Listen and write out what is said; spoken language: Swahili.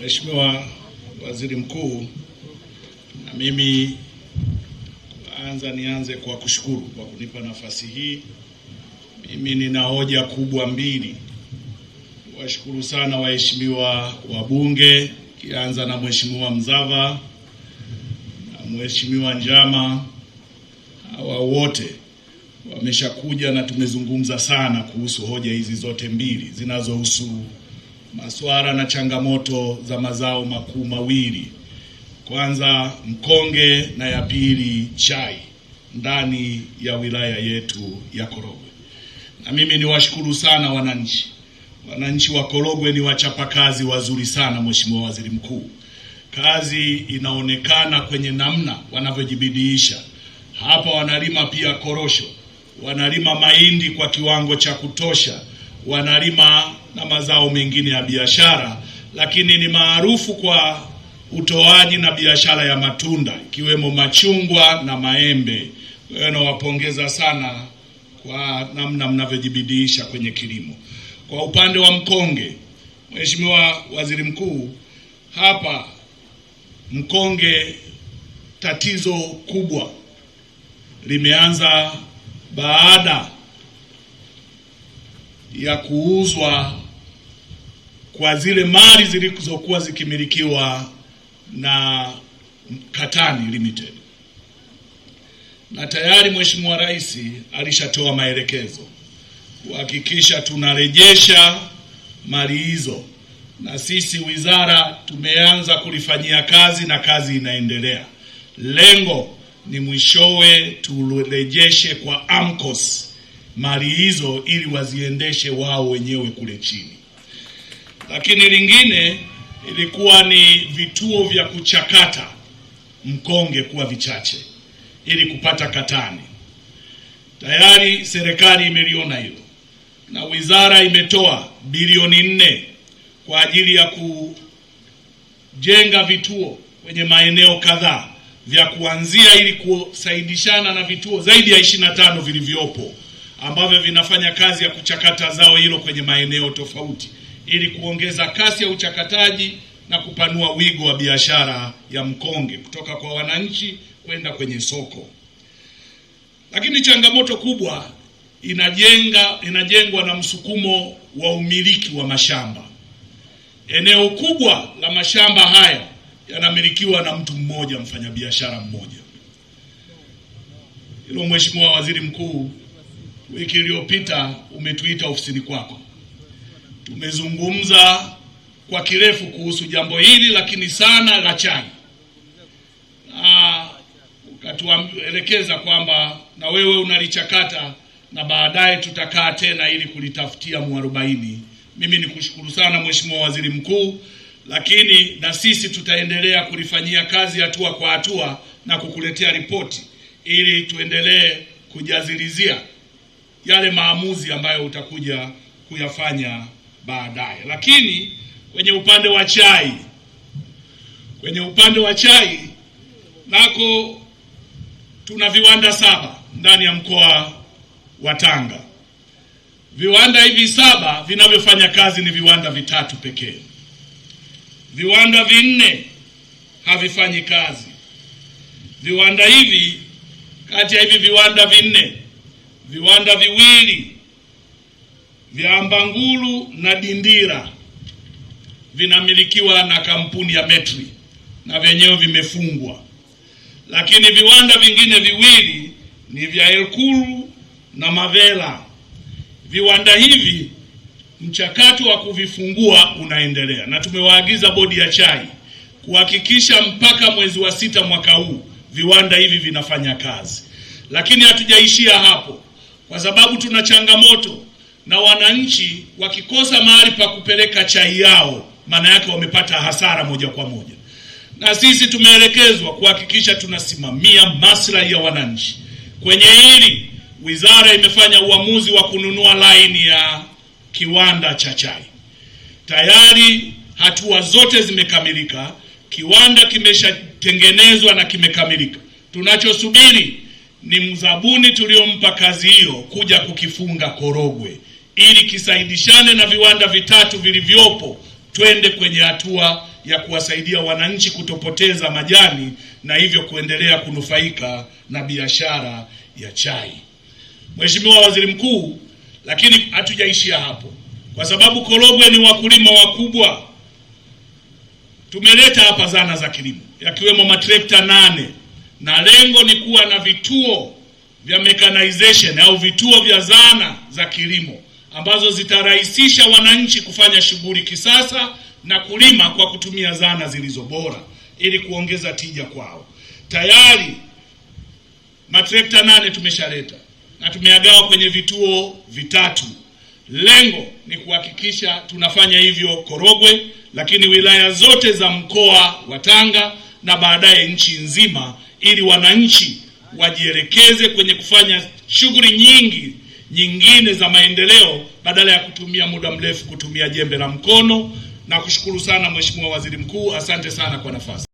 Mheshimiwa Waziri Mkuu, na mimi anza nianze kwa kushukuru kwa kunipa nafasi hii. Mimi nina hoja kubwa mbili. Washukuru sana waheshimiwa wabunge, kianza na Mheshimiwa Mzava na Mheshimiwa Njama, hawa wote wameshakuja na tumezungumza sana kuhusu hoja hizi zote mbili zinazohusu masuala na changamoto za mazao makuu mawili, kwanza mkonge na ya pili chai ndani ya wilaya yetu ya Korogwe. Na mimi niwashukuru sana wananchi. Wananchi wa Korogwe ni wachapakazi wazuri sana, Mheshimiwa Waziri Mkuu. Kazi inaonekana kwenye namna wanavyojibidiisha. Hapa wanalima pia korosho, wanalima mahindi kwa kiwango cha kutosha wanalima na mazao mengine ya biashara, lakini ni maarufu kwa utoaji na biashara ya matunda ikiwemo machungwa na maembe. Nawapongeza sana kwa namna mnavyojibidiisha kwenye kilimo. Kwa upande wa mkonge, Mheshimiwa Waziri Mkuu, hapa mkonge tatizo kubwa limeanza baada ya kuuzwa kwa zile mali zilizokuwa zikimilikiwa na Katani Limited, na tayari Mheshimiwa Rais alishatoa maelekezo kuhakikisha tunarejesha mali hizo, na sisi wizara tumeanza kulifanyia kazi na kazi inaendelea. Lengo ni mwishowe turejeshe kwa AMCOS mali hizo ili waziendeshe wao wenyewe kule chini. Lakini lingine ilikuwa ni vituo vya kuchakata mkonge kuwa vichache ili kupata katani. Tayari serikali imeliona hilo na wizara imetoa bilioni nne kwa ajili ya kujenga vituo kwenye maeneo kadhaa vya kuanzia ili kusaidishana na vituo zaidi ya ishirini na tano vilivyopo ambavyo vinafanya kazi ya kuchakata zao hilo kwenye maeneo tofauti ili kuongeza kasi ya uchakataji na kupanua wigo wa biashara ya mkonge kutoka kwa wananchi kwenda kwenye soko. Lakini changamoto kubwa inajenga inajengwa na msukumo wa umiliki wa mashamba. Eneo kubwa la mashamba haya yanamilikiwa na mtu mmoja, mfanyabiashara mmoja. Hilo Mheshimiwa Waziri Mkuu Wiki iliyopita umetuita ofisini kwako, tumezungumza kwa kirefu kuhusu jambo hili, lakini sana la chai, na ukatuelekeza kwamba na wewe unalichakata na baadaye tutakaa tena ili kulitafutia mwarobaini. Mimi ni kushukuru sana Mheshimiwa Waziri Mkuu, lakini na sisi tutaendelea kulifanyia kazi hatua kwa hatua na kukuletea ripoti ili tuendelee kujazilizia yale maamuzi ambayo utakuja kuyafanya baadaye. Lakini kwenye upande wa chai, kwenye upande wa chai nako tuna viwanda saba ndani ya mkoa wa Tanga. Viwanda hivi saba vinavyofanya kazi ni viwanda vitatu pekee. Viwanda vinne havifanyi kazi. Viwanda hivi, kati ya hivi viwanda vinne viwanda viwili vya Mbangulu na Dindira vinamilikiwa na kampuni ya Metri na vyenyewe vimefungwa, lakini viwanda vingine viwili ni vya Elkuru na Mavela. Viwanda hivi mchakato wa kuvifungua unaendelea, na tumewaagiza bodi ya chai kuhakikisha mpaka mwezi wa sita mwaka huu viwanda hivi vinafanya kazi, lakini hatujaishia hapo kwa sababu tuna changamoto na wananchi wakikosa mahali pa kupeleka chai yao, maana yake wamepata hasara moja kwa moja, na sisi tumeelekezwa kuhakikisha tunasimamia maslahi ya wananchi. Kwenye hili wizara imefanya uamuzi wa kununua laini ya kiwanda cha chai. Tayari hatua zote zimekamilika, kiwanda kimeshatengenezwa na kimekamilika. Tunachosubiri ni mzabuni tuliompa kazi hiyo kuja kukifunga Korogwe ili kisaidishane na viwanda vitatu vilivyopo, twende kwenye hatua ya kuwasaidia wananchi kutopoteza majani na hivyo kuendelea kunufaika na biashara ya chai. Mheshimiwa Waziri Mkuu, lakini hatujaishia hapo, kwa sababu Korogwe ni wakulima wakubwa. Tumeleta hapa zana za kilimo, yakiwemo matrekta nane na lengo ni kuwa na vituo vya mechanization au vituo vya zana za kilimo ambazo zitarahisisha wananchi kufanya shughuli kisasa na kulima kwa kutumia zana zilizo bora ili kuongeza tija kwao. Tayari matrekta nane tumeshaleta na tumeagawa kwenye vituo vitatu. Lengo ni kuhakikisha tunafanya hivyo Korogwe, lakini wilaya zote za mkoa wa Tanga na baadaye nchi nzima ili wananchi wajielekeze kwenye kufanya shughuli nyingi nyingine za maendeleo badala ya kutumia muda mrefu kutumia jembe la mkono. Na kushukuru sana Mheshimiwa Waziri Mkuu, asante sana kwa nafasi.